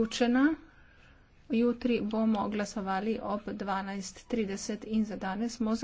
vključena. Jutri bomo glasovali ob 12.30 in za danes smo zaključili.